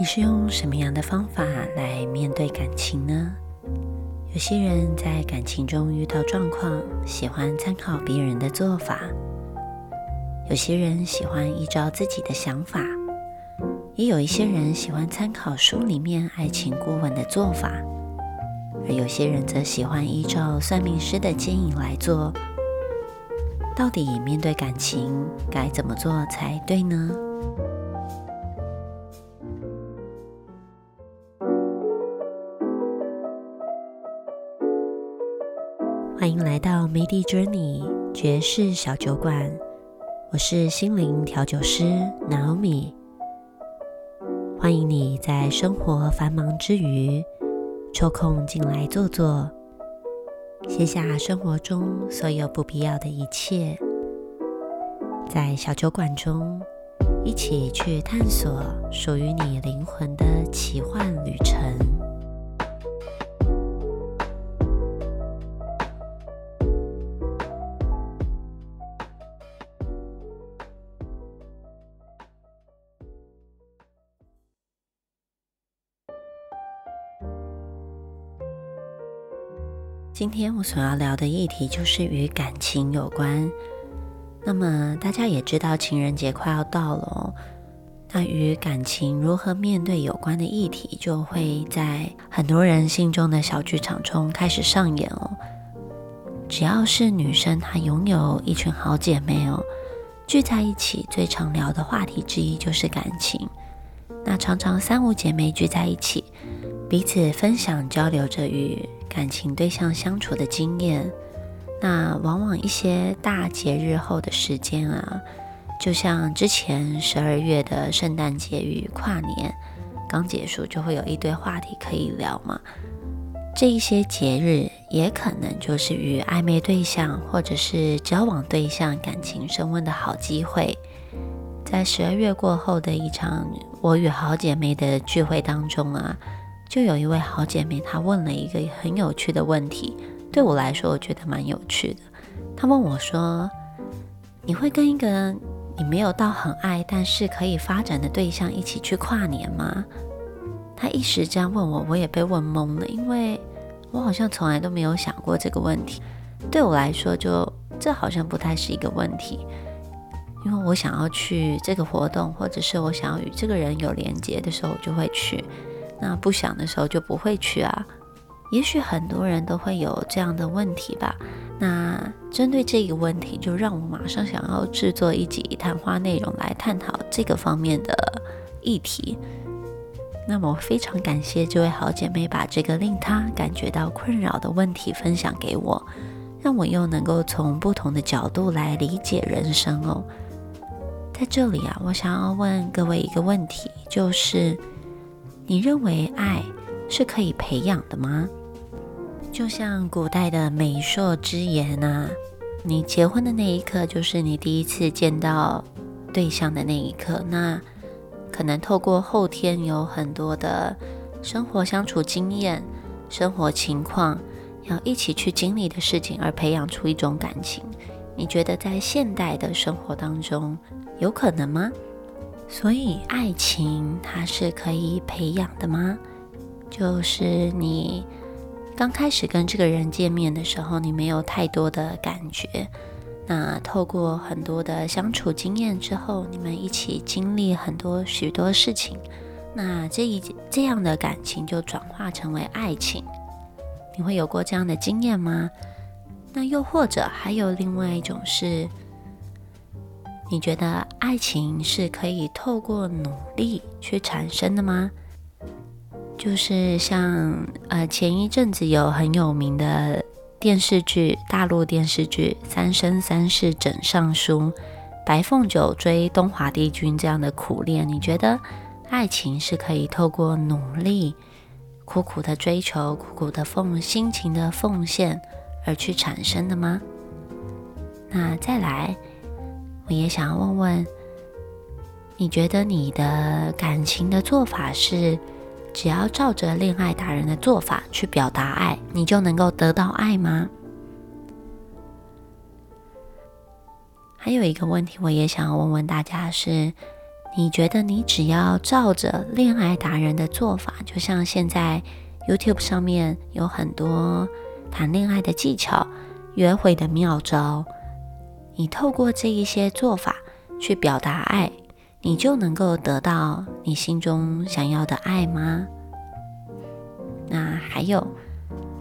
你是用什麼樣的方法來面對感情呢？有些人在感情中遇到狀況，喜歡參考別人的做法；有些人喜歡依照自己的想法；也有一些人喜歡參考書裡面愛情顧問的做法，而有些人則喜歡依照算命師的建議來做。到底面對感情該怎麼做才對呢？歡迎來到 Medi Journey 爵士小酒館，我是心靈調酒師 Naomi。歡迎你在生活繁忙之餘，抽空進來坐坐，卸下生活中所有不必要的一切，在小酒館中一起去探索屬於你靈魂的奇幻旅程。今天我所要聊的議題就是與感情有關。那麼大家也知道，情人節快要到了哦。那與感情如何面對有關的議題，就會在很多人心中的小劇場中開始上演哦。只要是女生，她擁有一群好姐妹哦，聚在一起，最常聊的話題之一就是感情。那常常三五姐妹聚在一起，彼此分享、交流着與……感情對象相處的經驗，那往往一些大節日後的時間啊，就像之前十二月的聖誕節與跨年剛結束，就會有一堆話題可以聊嘛。這一些節日也可能就是與曖昧對象或者是交往對象感情升溫的好機會。在十二月過後的一場我與好姐妹的聚會當中啊。就有一位好姐妹，她問了一個很有趣的問題，對我來說，我覺得蠻有趣的。她問我說：“你會跟一個你沒有到很愛，但是可以發展的對象一起去跨年嗎？”她一時這樣問我，我也被問懵了，因為我好像從來都沒有想過這個問題。對我來說就，就這好像不太是一個問題，因為我想要去這個活動，或者是我想要與這個人有連接的時候，我就會去。那不想的時候就不會去啊，也許很多人都會有這樣的問題吧。那針對這個問題，就讓我馬上想要制作一集談話內容來探討這個方面的議題。那麼我非常感謝這位好姐妹把這個令她感覺到困擾的問題分享給我，讓我又能夠從不同的角度來理解人生哦。在這裡啊，我想要問各位一個問題，就是。你認為愛是可以培養的嗎？就像古代的媒妁之言啊，你結婚的那一刻就是你第一次見到對象的那一刻，那可能透過後天有很多的生活相處經驗、生活情況，要一起去經歷的事情而培養出一種感情。你覺得在現代的生活當中有可能嗎？所以，愛情它是可以培養的嗎？就是你剛開始跟這個人見面的時候，你沒有太多的感覺。那透過很多的相處經驗之後，你們一起經歷很多、許多事情，那這一這樣的感情就轉化成為愛情。你會有過這樣的經驗嗎？那又或者還有另外一種是，你覺得愛情是可以透過努力去產生的嗎？就是像呃前一陣子有很有名的電視劇，大陸電視劇《三生三世枕上書》，白鳳九追東華帝君這樣的苦戀，你覺得愛情是可以透過努力、苦苦的追求、苦苦的奉、辛勤的奉獻而去產生的嗎？那再來。我也想要問問，你覺得你的感情的做法是，只要照着戀愛達人的做法去表達愛，你就能夠得到愛嗎？還有一個問題，我也想要問問大家是，你覺得你只要照着戀愛達人的做法，就像現在 YouTube 上面有很多談戀愛的技巧、約會的妙招。你透過這一些做法去表達愛，你就能夠得到你心中想要的愛嗎？那還有，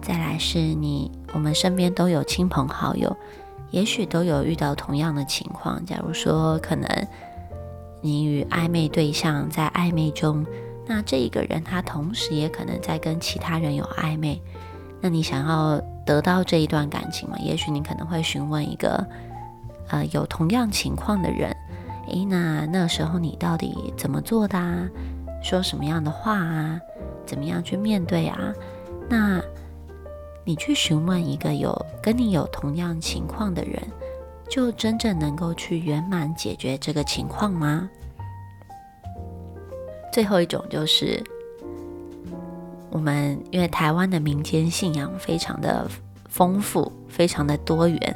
再來是你，我們身邊都有親朋好友，也許都有遇到同樣的情況。假如說，可能你與曖昧對象在曖昧中，那這一個人他同時也可能在跟其他人有曖昧，那你想要得到這一段感情嗎？也許你可能會詢問一個。呃，有同樣情況的人，誒，那那時候你到底怎麼做的啊？說什麼樣的話啊？怎麼樣去面對啊？那你去詢問一個有跟你有同樣情況的人，就真正能夠去圓滿解決這個情況嗎？最後一種就是，我們因為台灣的民間信仰非常的豐富，非常的多元。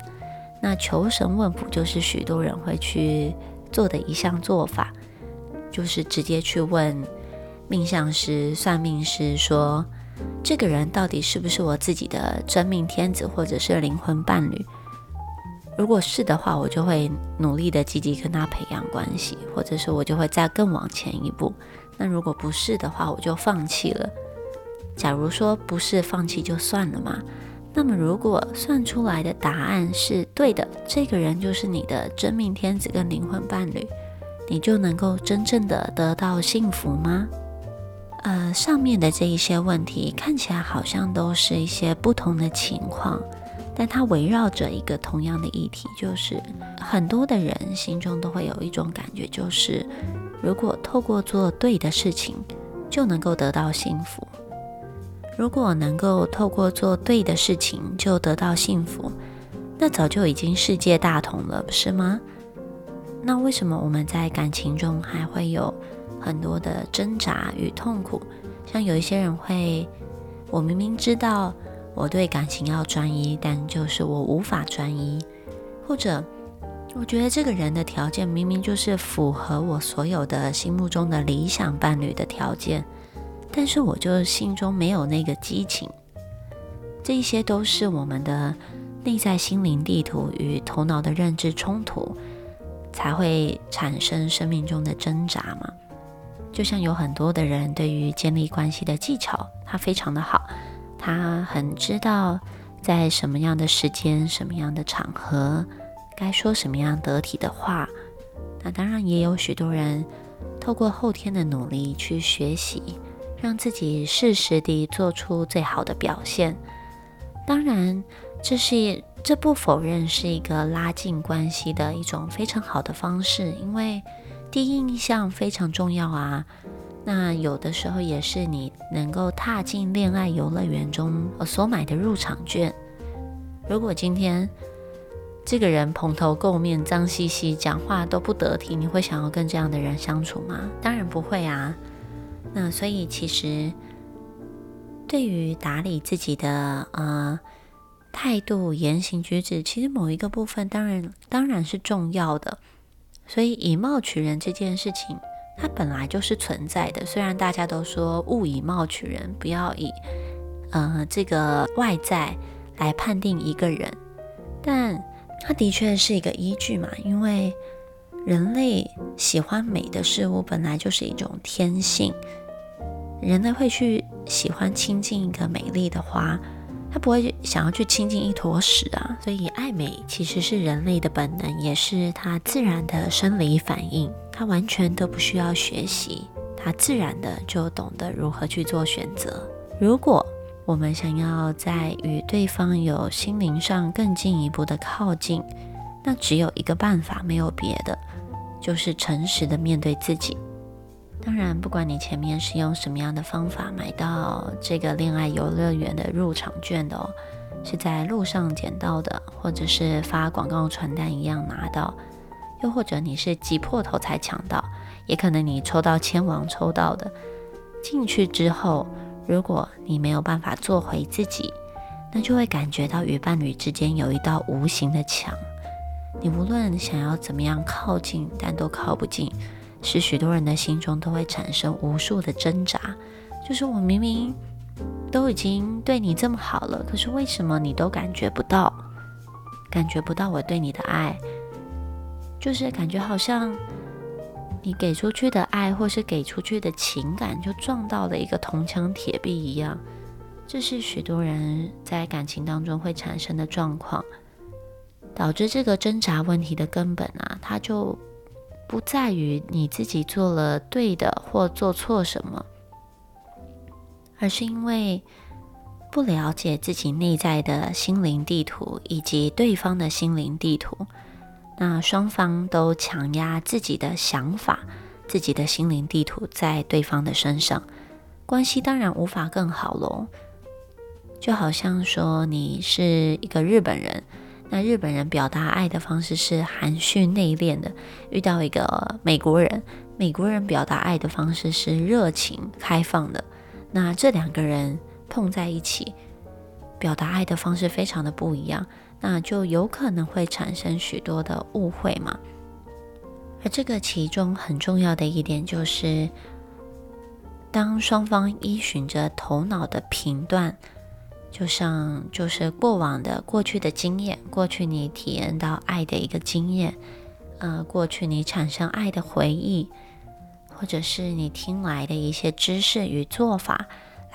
那求神問卜就是許多人會去做的一項做法，就是直接去問命相師、算命師說，這個人到底是不是我自己的真命天子或者是靈魂伴侶？如果是的話，我就會努力的積極跟他培養關係，或者是我就會再更往前一步。那如果不是的話，我就放棄了。假如說不是放棄就算了嘛。那麼，如果算出來的答案是對的，這個人就是你的真命天子跟靈魂伴侶，你就能夠真正的得到幸福嗎？呃，上面的這一些問題看起來好像都是一些不同的情況，但它圍繞着一個同樣的議題，就是很多的人心中都會有一種感覺，就是如果透過做對的事情，就能夠得到幸福。如果能夠透過做對的事情就得到幸福，那早就已經世界大同了，不是嗎？那為什麼我們在感情中還會有很多的掙扎與痛苦？像有一些人會，我明明知道我對感情要專一，但就是我無法專一，或者我覺得這個人的條件明明就是符合我所有的心目中的理想伴侶的條件。但是我就心中沒有那個激情，這一些都是我們的內在心靈地圖與頭腦的認知衝突，才會產生生命中的掙扎嘛。就像有很多的人對於建立關係的技巧，他非常的好，他很知道在什麼樣的時間、什麼樣的場合該說什麼樣得體的話。那當然也有許多人透過後天的努力去學習。讓自己適時地做出最好的表現。當然，這是這不否認是一個拉近關係的一種非常好的方式，因為第一印象非常重要啊。那有的時候也是你能夠踏進戀愛遊樂園中我所買的入場券。如果今天這個人蓬頭垢面、髒兮兮，講話都不得體，你會想要跟這樣的人相處嗎？當然不會啊。那所以其實，對於打理自己的呃態度、言行舉止，其實某一個部分當然當然是重要的。所以以貌取人這件事情，它本來就是存在的。雖然大家都說勿以貌取人，不要以呃這個外在來判定一個人，但它的確是一個依據嘛，因為。人類喜歡美的事物本來就是一種天性，人類會去喜歡親近一個美麗的花，他不會想要去親近一坨屎啊。所以愛美其實是人類的本能，也是他自然的生理反應，他完全都不需要學習，他自然的就懂得如何去做選擇。如果我們想要在與對方有心靈上更進一步的靠近，那只有一個辦法，沒有別的，就是誠實的面對自己。當然，不管你前面是用什麼樣的方法買到這個戀愛遊樂園的入場券的哦，是在路上撿到的，或者是發廣告傳單一樣拿到，又或者你是擠破頭才搶到，也可能你抽到籤王抽到的。進去之後，如果你沒有辦法做回自己，那就會感覺到與伴侶之間有一道無形的牆。你無論想要怎麼樣靠近，但都靠不近，是許多人的心中都會產生無數的掙扎。就是我明明都已經對你這麼好了，可是為什麼你都感覺不到？感覺不到我對你的愛，就是感覺好像你給出去的愛或是給出去的情感，就撞到了一個銅牆鐵壁一樣。這是許多人在感情當中會產生的狀況。導致這個掙扎問題的根本啊，它就不在於你自己做了對的或做錯什麼，而是因為不了解自己內在的心靈地圖以及對方的心靈地圖。那雙方都強壓自己的想法、自己的心靈地圖在對方的身上，關係當然無法更好嘍。就好像說，你是一個日本人。那日本人表達愛的方式是含蓄內斂的，遇到一個美國人，美國人表達愛的方式是熱情開放的。那這兩個人碰在一起，表達愛的方式非常的不一樣，那就有可能會產生許多的誤會嘛。而這個其中很重要的一點就是，當雙方依循着頭腦的頻段。就像就是過往的過去的經驗，過去你體驗到愛的一個經驗，呃，過去你產生愛的回憶，或者是你聽來的一些知識與做法，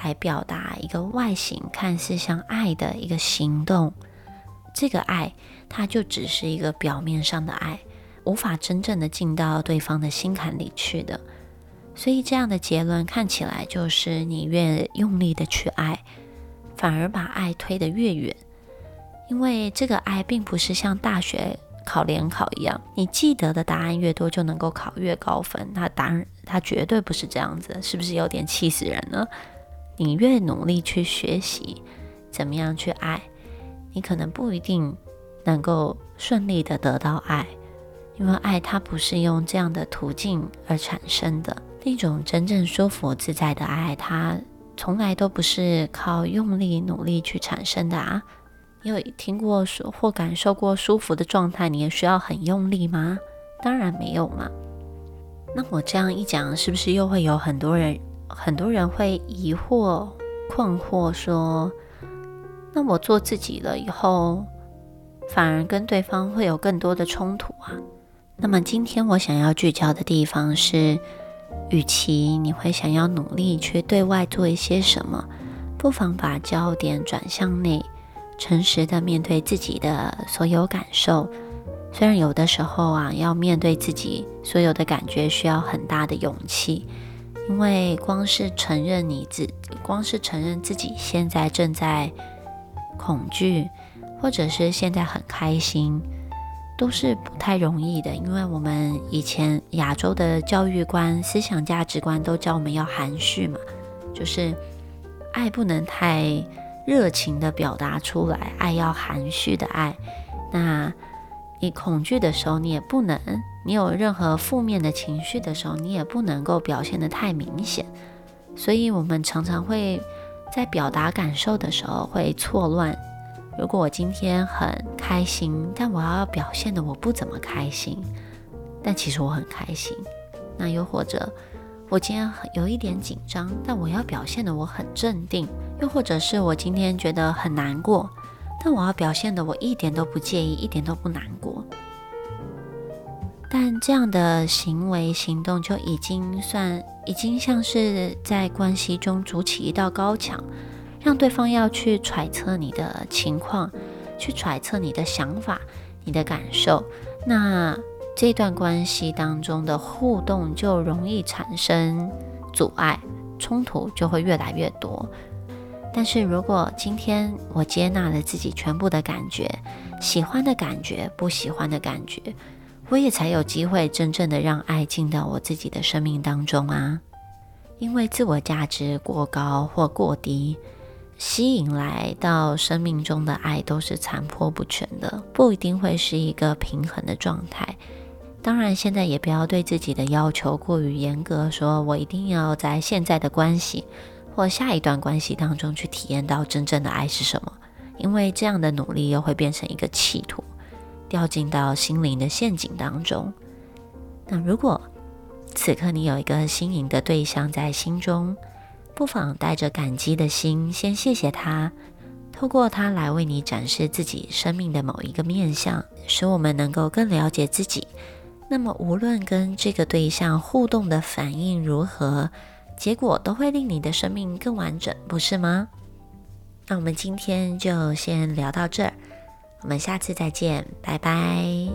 來表達一個外形看似像愛的一個行動，這個愛它就只是一個表面上的愛，無法真正的進到對方的心坎裡去的。所以這樣的結論看起來就是你越用力的去愛。反而把愛推得越遠，因為這個愛並不是像大學考聯考一樣，你記得的答案越多就能夠考越高分。那當然，它絕對不是這樣子，是不是有點氣死人呢？你越努力去學習，怎麼樣去愛，你可能不一定能夠順利的得到愛，因為愛它不是用這樣的途徑而產生的，那種真正舒服自在的愛，它。從來都不是靠用力努力去產生的啊！你有聽過或感受過舒服的狀態？你也需要很用力嗎？當然沒有嘛。那我這樣一講，是不是又會有很多人，很多人會疑惑困惑說：那我做自己了以後，反而跟對方會有更多的衝突啊？那麼今天我想要聚焦的地方是，與其你會想要努力去對外做一些什麼，不妨把焦點轉向內，誠實的面對自己的所有感受。雖然有的時候啊，要面對自己所有的感覺需要很大的勇氣，因為光是承認你自，光是承認自己現在正在恐懼，或者是現在很開心，都是不太容易的，因為我們以前亞洲的教育觀、思想價值觀都叫我們要含蓄嘛，就是愛不能太熱情的表達出來，愛要含蓄的愛。那你恐懼的時候，你也不能，你有任何負面的情緒的時候，你也不能夠表現得太明顯。所以，我們常常會在表達感受的時候會錯亂。如果我今天很開心，但我要表現的我不怎麼開心，但其實我很開心。那又或者，我今天很有一點緊張，但我要表現的我很鎮定。又或者是我今天覺得很難過，但我要表現的我一點都不介意，一點都不難過。但這樣的行為、行動就已經算，已經像是在關係中築起一道高牆。讓對方要去揣測你的情況，去揣測你的想法、你的感受，那這段關係當中的互動就容易產生阻礙，衝突就會越來越多。但是如果今天我接納了自己全部的感覺，喜歡的感覺、不喜歡的感覺，我也才有機會真正的讓愛進到我自己的生命當中啊。因為自我價值過高或過低，吸引來到生命中的愛都是殘破不全的，不一定會是一個平衡的狀態。當然，現在也不要對自己的要求過於嚴格，說我一定要在現在的關係或下一段關係當中去體驗到真正的愛是什麼，因為這樣的努力又會變成一個企圖，掉進到心靈的陷阱當中。那如果此刻你有一個心儀的對象在心中，不妨帶着感激的心，先謝謝他，透過他來為你展示自己生命的某一個面向，使我們能夠更了解自己。那麼，無論跟這個對象互動的反應如何，結果都會令你的生命更完整，不是嗎？那我們今天就先聊到這兒，我們下次再見，拜拜。